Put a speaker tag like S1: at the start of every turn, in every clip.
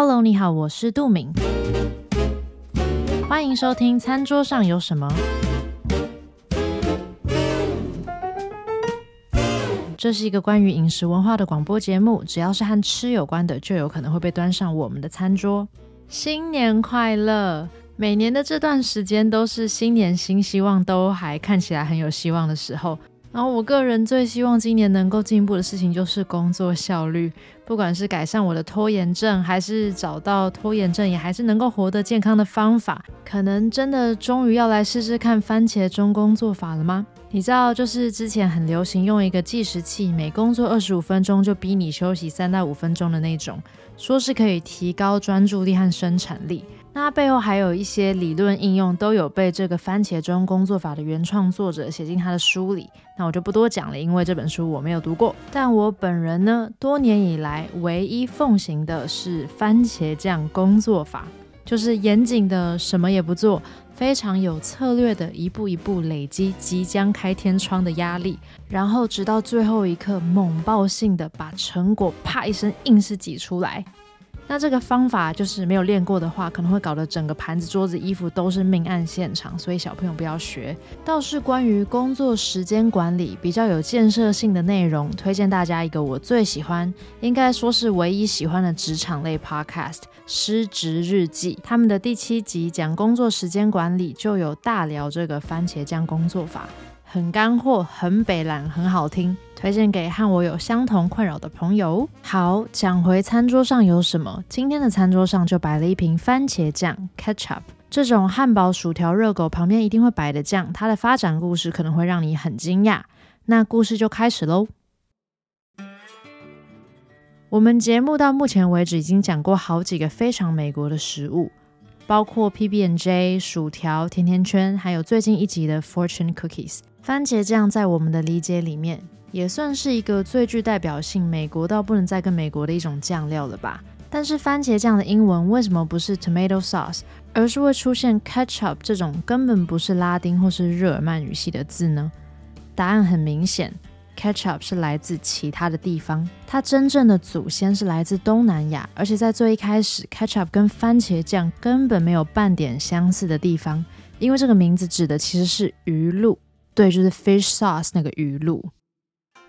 S1: Hello，你好，我是杜敏。歡迎收聽《餐桌上有什麼》。這是一個關於飲食文化的廣播節目，只要是和吃有關的，就有可能會被端上我們的餐桌。新年快樂！每年的這段時間都是新年新希望，都還看起來很有希望的時候。然後，我個人最希望今年能夠進步的事情就是工作效率，不管是改善我的拖延症，還是找到拖延症也還是能夠活得健康的方法，可能真的終於要來試試看番茄鐘工作法了嗎？你知道，就是之前很流行用一個計時器，每工作二十五分鐘就逼你休息三到五分鐘的那種，說是可以提高專注力和生產力。它背後還有一些理論應用，都有被這個番茄鐘工作法的原創作者寫進他的書裡。那我就不多講了，因為這本書我沒有讀過。但我本人呢，多年以來唯一奉行的是番茄醬工作法，就是嚴謹的什麼也不做，非常有策略的一步一步累積即將開天窗的壓力，然後直到最後一刻猛爆性的把成果啪一聲硬是擠出來。那這個方法就是沒有練過的話，可能會搞得整個盤子、桌子、衣服都是命案現場，所以小朋友不要學。倒是關於工作時間管理比較有建設性的內容，推薦大家一個我最喜歡，應該說是唯一喜歡的職場類 podcast《失職日記》。他們的第七集講工作時間管理，就有大聊這個番茄醬工作法。很乾貨，很北蘭，很好聽，推薦給和我有相同困擾的朋友。好，講回餐桌上有什麼，今天的餐桌上就擺了一瓶番茄醬，Ketchup。這種漢堡、薯條、熱狗旁邊一定會擺的醬，它的發展故事可能會讓你很驚訝。那故事就開始嘍。 我們節目到目前為止已經講過好幾個非常美國的食物。包括 PB&J、薯條、甜甜圈，還有最近一集的 Fortune Cookies。番茄醬在我們的理解裡面，也算是一個最具代表性、美國到不能再更美國的一種醬料了吧。但是番茄醬的英文為什麼不是 Tomato Sauce，而是會出現 Ketchup 這種根本不是拉丁或是日耳曼語系的字呢？答案很明顯。Ketchup 是來自其他的地方，它真正的祖先是來自東南亞，而且在最一開始，Ketchup 跟番茄醬根本沒有半點相似的地方，因為這個名字指的其實是魚露，對，就是 fish sauce 那個魚露。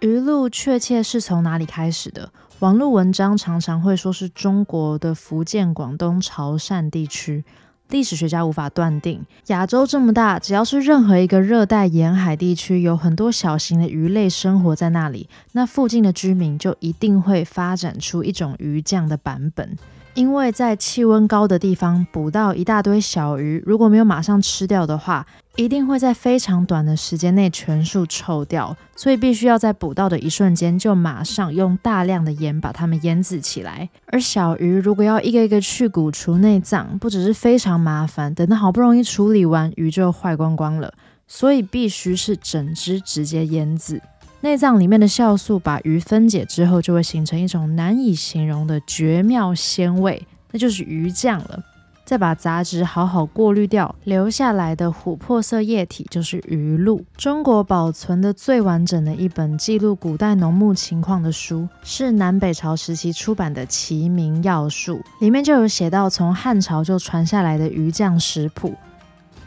S1: 魚露確切是從哪裡開始的？網絡文章常常會說是中國的福建、廣東、潮汕地區。歷史學家無法斷定，亞洲這麼大，只要是任何一個熱帶沿海地區，有很多小型的魚類生活在那裡，那附近的居民就一定會發展出一種魚醬的版本，因為在氣溫高的地方，捕到一大堆小魚，如果沒有馬上吃掉的話，一定會在非常短的時間內全數臭掉，所以必須要在捕到的一瞬間就馬上用大量的鹽把它們醃漬起來。而小魚如果要一個一個去骨除內臟，不只是非常麻煩，等到好不容易處理完，魚就壞光光了。所以必須是整隻直接醃漬。內臟裡面的酵素把魚分解之後，就會形成一種難以形容的絕妙鮮味，那就是魚醬了。再把雜質好好過濾掉，留下來的琥珀色液體就是魚露。中國保存的最完整的一本記錄古代農牧情況的書，是南北朝時期出版的《齊民要術》，裡面就有寫到從漢朝就傳下來的魚醬食譜：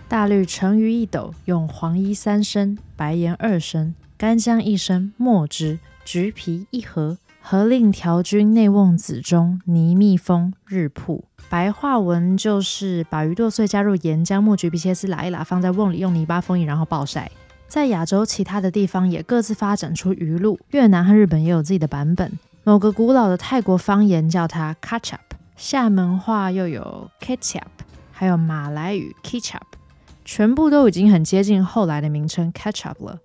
S1: 大綠成魚一斗，用黃衣三升、白鹽二升、乾薑一升、墨汁、橘皮一合，合令調均內甕子中，泥密封，日曝。白話文就是把魚剁碎，加入鹽、薑末、橘皮切絲，拉一拉，放在瓮裡，用泥巴封印，然後暴曬。在亞洲其他的地方也各自發展出魚露，越南和日本也有自己的版本。某個古老的泰國方言叫它 ketchup，廈門話又有 ketchup，還有馬來語 ketchup，全部都已經很接近後來的名稱 ketchup 了。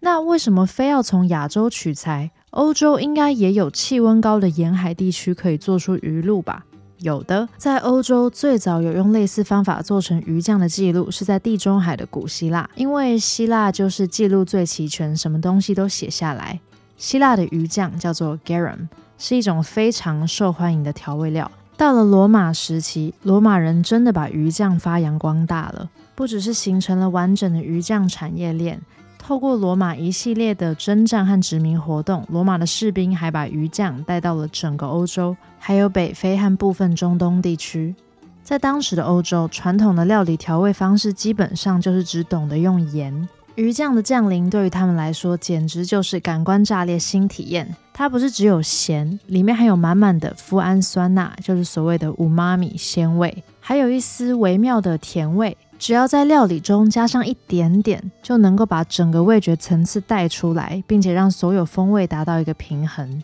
S1: 那為什麼非要從亞洲取材？歐洲應該也有氣溫高的沿海地區可以做出魚露吧？有的，在歐洲最早有用類似方法做成魚醬的記錄是在地中海的古希臘，因為希臘就是記錄最齊全，什麼東西都寫下來。希臘的魚醬叫做 garum，是一種非常受歡迎的調味料。到了羅馬時期，羅馬人真的把魚醬發揚光大了，不只是形成了完整的魚醬產業鏈。透過羅馬一系列的征戰和殖民活動，羅馬的士兵還把魚醬帶到了整個歐洲，還有北非和部分中東地區。在當時的歐洲，傳統的料理調味方式基本上就是只懂得用鹽。魚醬的降臨對於他們來說簡直就是感官炸裂新體驗。它不是只有鹹，裡面還有滿滿的穀氨酸鈉啊，就是所謂的五媽咪鮮味，還有一絲微妙的甜味。只要在料理中加上一點點，就能夠把整個味覺層次帶出來，並且讓所有風味達到一個平衡。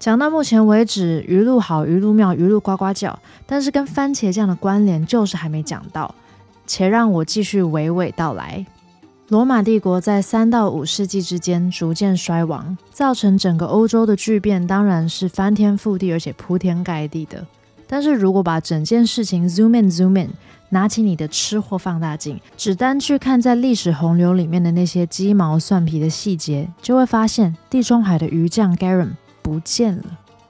S1: 講到目前為止，魚露好，魚露妙，魚露呱呱叫，但是跟番茄醬的關聯就是還沒講到，且讓我繼續娓娓道來。羅馬帝國在三到五世紀之間逐漸衰亡，造成整個歐洲的巨變，當然是翻天覆地，而且鋪天蓋地的。但是如果把整件事情 zoom in zoom in。拿起你的吃貨放大鏡，只單去看在歷史洪流裡面的那些雞毛蒜皮的細節，就會發現地中海的魚醬 Garum 不見了，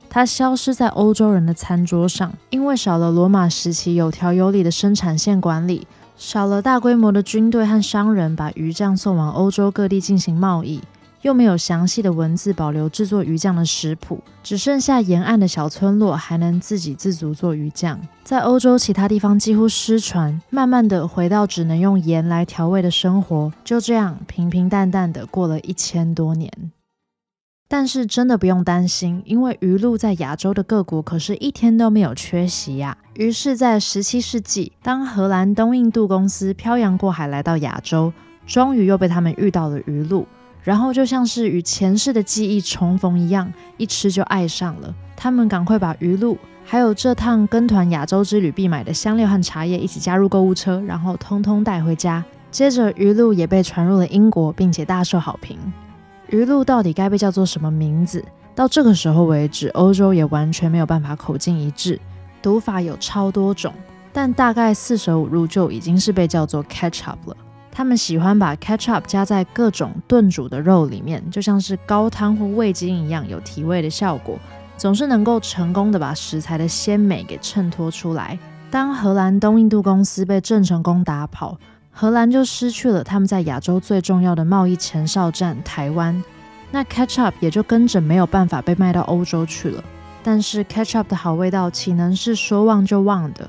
S1: 它消失在歐洲人的餐桌上，因為少了羅馬時期有條有理的生產線管理，少了大規模的軍隊和商人把魚醬送往歐洲各地進行貿易。又沒有詳細的文字保留製作魚醬的食譜，只剩下沿岸的小村落還能自給自足做魚醬，在歐洲其他地方幾乎失傳，慢慢的回到只能用鹽來調味的生活。就這樣平平淡淡的過了一千多年。但是真的不用擔心，因為魚露在亞洲的各國可是一天都沒有缺席呀、啊。於是，在十七世紀，當荷蘭東印度公司漂洋過海來到亞洲，終於又被他們遇到了魚露。然後就像是與前世的記憶重逢一樣，一吃就愛上了。他們趕快把魚露，還有這趟跟團亞洲之旅必買的香料和茶葉一起加入購物車，然後通通帶回家。接着魚露也被傳入了英國，並且大受好評。魚露到底該被叫做什麼名字？到這個時候為止，歐洲也完全沒有辦法口徑一致，讀法有超多種，但大概四捨五入就已經是被叫做 ketchup 了。他們喜歡把 ketchup 加在各種燉煮的肉裡面，就像是高湯或味精一樣，有提味的效果，總是能夠成功的把食材的鮮美給襯托出來。當荷蘭東印度公司被鄭成功打跑，荷蘭就失去了他們在亞洲最重要的貿易前哨站台灣，那 ketchup 也就跟着沒有辦法被賣到歐洲去了。但是 ketchup 的好味道豈能是說忘就忘的？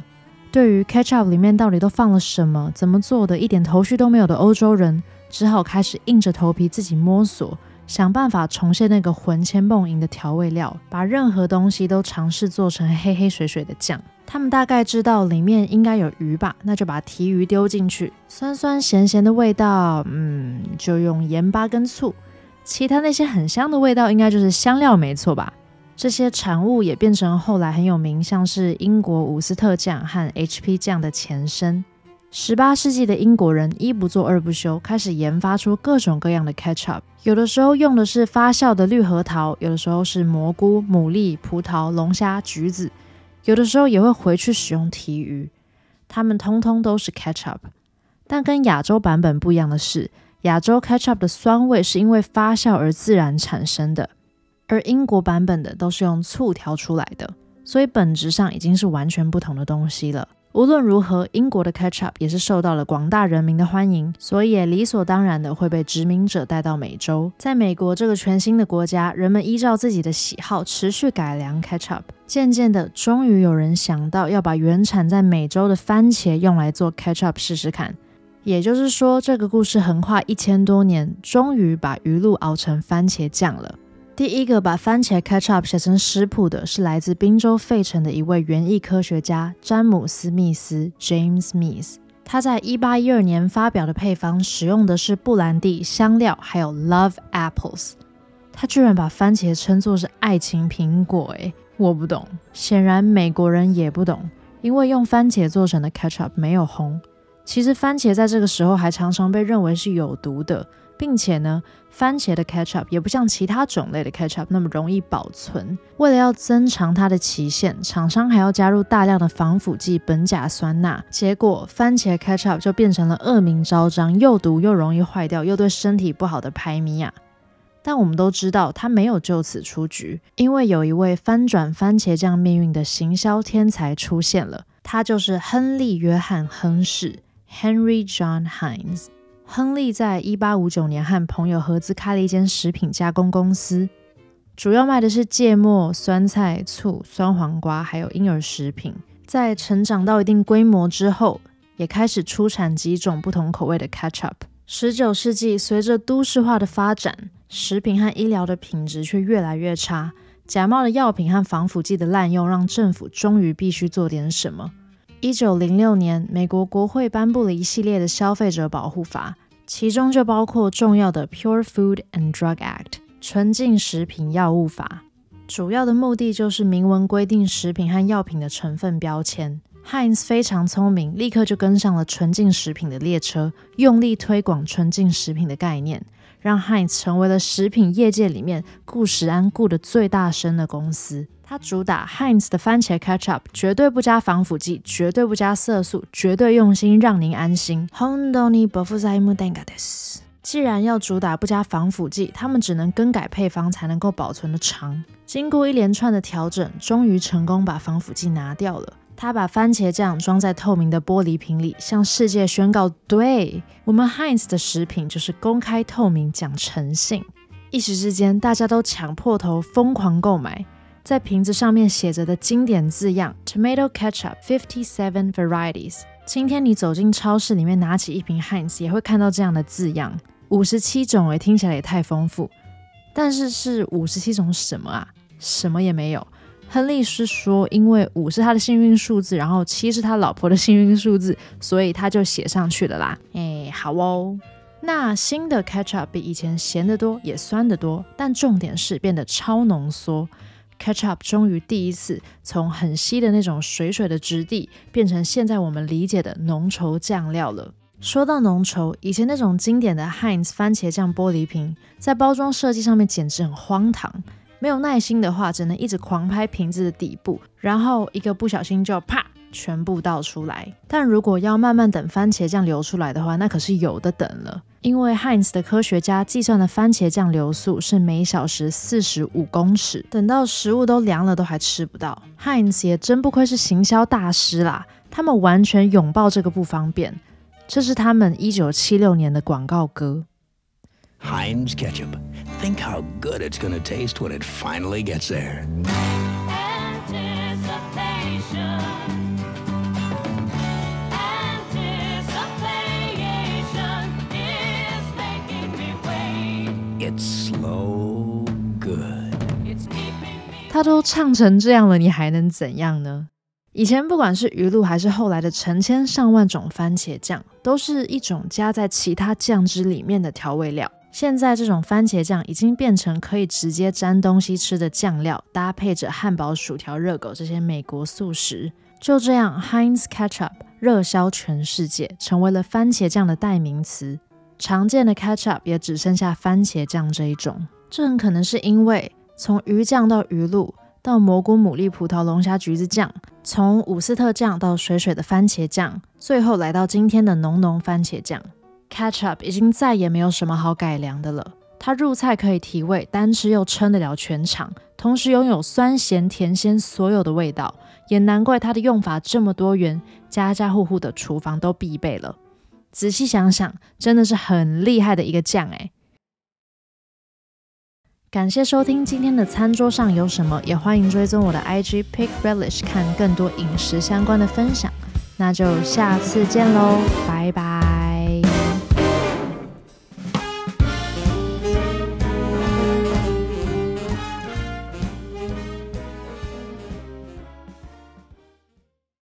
S1: 對於 Ketchup 裡面到底都放了什麼、怎麼做的一點頭緒都沒有的歐洲人，只好開始硬着頭皮自己摸索，想辦法重現那個魂牽夢縈的調味料，把任何東西都嘗試做成黑黑水水的醬。他們大概知道裡面應該有魚吧，那就把鯷魚丟進去，酸酸鹹鹹的味道，嗯，就用鹽巴跟醋。其他那些很香的味道，應該就是香料，沒錯吧？這些產物也變成了後來很有名，像是英國伍斯特醬和 HP 醬的前身。十八世紀的英國人一不做二不休，開始研發出各種各樣的 ketchup。有的時候用的是發酵的綠核桃，有的時候是蘑菇、牡蠣、葡萄、葡萄、龍蝦、橘子，有的時候也會回去使用提魚。它們通通都是 ketchup。但跟亞洲版本不一樣的是，亞洲 ketchup 的酸味是因為發酵而自然產生的。而英國版本的都是用醋調出來的，所以本質上已經是完全不同的東西了。無論如何，英國的 ketchup 也是受到了廣大人民的歡迎，所以也理所當然的會被殖民者帶到美洲。在美國這個全新的國家，人們依照自己的喜好持續改良 ketchup，漸漸的，終於有人想到要把原產在美洲的番茄用來做 ketchup 試試看。也就是說，這個故事橫跨一千多年，終於把魚露熬成番茄醬了。第一個把番茄 ketchup 寫成食譜的是來自賓州費城的一位園藝科學家詹姆斯·密斯 （James m e a s，他在1812年發表的配方使用的是布蘭蒂香料，還有 love apples。他居然把番茄稱作是愛情蘋果。欸，誒，我不懂。顯然美國人也不懂，因為用番茄做成的 ketchup 沒有紅。其實番茄在這個時候還常常被認為是有毒的。並且呢，番茄的 ketchup 也不像其他種類的 ketchup 那麼容易保存。為了要增長它的期限，廠商還要加入大量的防腐劑苯甲酸鈉，結果番茄 ketchup 就變成了惡名昭彰、又毒又容易壞掉又對身體不好的排米啊。但我們都知道，它沒有就此出局，因為有一位翻轉番茄醬命運的行銷天才出現了，他就是亨利·約翰·亨氏 （Henry John Heinz 亨利在一八五九年和朋友合資開了一間食品加工公司，主要賣的是芥末、酸菜、醋、酸黃瓜，還有嬰兒食品。在成長到一定規模之後，也開始出產幾種不同口味的 ketchup。十九世紀，隨着都市化的發展，食品和醫療的品質卻越來越差，假冒的藥品和防腐劑的濫用讓政府終於必須做點什麼。一九零六年，美國國會頒布了一系列的消費者保護法。其中就包括重要的 Pure Food and Drug Act（ 純淨食品藥物法），主要的目的就是明文規定食品和藥品的成分標籤。Heinz 非常聰明，立刻就跟上了純淨食品的列車，用力推廣純淨食品的概念，讓 Heinz 成為了食品業界裡面顧食安顧得的最大聲的公司。它主打 Heinz 的番茄 ketchup，絕對不加防腐劑，絕對不加色素，絕對用心讓您安心。不，既然要主打不加防腐劑，他們只能更改配方才能夠保存得長。經過一連串的調整，終於成功把防腐劑拿掉了。他把番茄醬裝在透明的玻璃瓶裡，向世界宣告：對，我們 Heinz 的食品就是公開透明，講誠信。一時之間，大家都搶破頭，瘋狂購買。在瓶子上面寫着的經典字樣：Tomato Ketchup Fifty Seven Varieties。今天你走進超市裡面，拿起一瓶亨氏，也會看到這樣的字樣：五十七種誒，聽起來也太豐富。但是是五十七種什麼啊？什麼也沒有。亨利是說，因為五是他的幸運數字，然後七是他老婆的幸運數字，所以他就寫上去了啦。誒，好哦。那新的 ketchup 比以前鹹得多，也酸得多，但重點是變得超濃縮。Ketchup 終於第一次從很稀的那種水水的質地，變成現在我們理解的濃稠醬料了。說到濃稠，以前那種經典的 Heinz 番茄醬玻璃瓶，在包裝設計上面簡直很荒唐。沒有耐心的話，只能一直狂拍瓶子的底部，然後一個不小心就啪全部倒出來。但如果要慢慢等番茄醬流出來的話，那可是有的等了。因為 Heinz 的科學家計算的番茄醬流速是每小時四十五公尺，等到食物都涼了都還吃不到。Heinz 也真不愧是行銷大師啦，他們完全擁抱這個不方便。這是他們一九七六年的廣告歌。Heinz Ketchup, think how good it's gonna taste when it finally gets there. It's slow, good. 它都唱成這樣了，你還能怎樣呢？以前不管是魚露還是後來的成千上萬種番茄醬，都是一種加在其他醬汁裡面的調味料。現在這種番茄醬已經變成可以直接沾東西吃的醬料，搭配着漢堡、薯條、熱狗這些美式速食，就這樣，Heinz Ketchup 熱銷全世界，成為了番茄醬的代名詞。常見的 ketchup 也只剩下番茄醬這一種，這很可能是因為從魚醬到魚露，到蘑菇、牡蠣、葡萄、龍蝦、橘子醬，從伍斯特醬到水水的番茄醬，最後來到今天的濃濃番茄醬。Ketchup 已經再也沒有什麼好改良的了，它入菜可以提味，單吃又撐得了全場，同時擁有酸、鹹、甜、鮮所有的味道，也難怪它的用法這麼多元，家家戶戶的廚房都必備了。仔細想想，真的是很厲害的一個醬哎、欸！感謝收聽今天的餐桌上有什麼，也歡迎追蹤我的 IG pickrelish 看更多飲食相關的分享。那就下次見嘍，拜拜！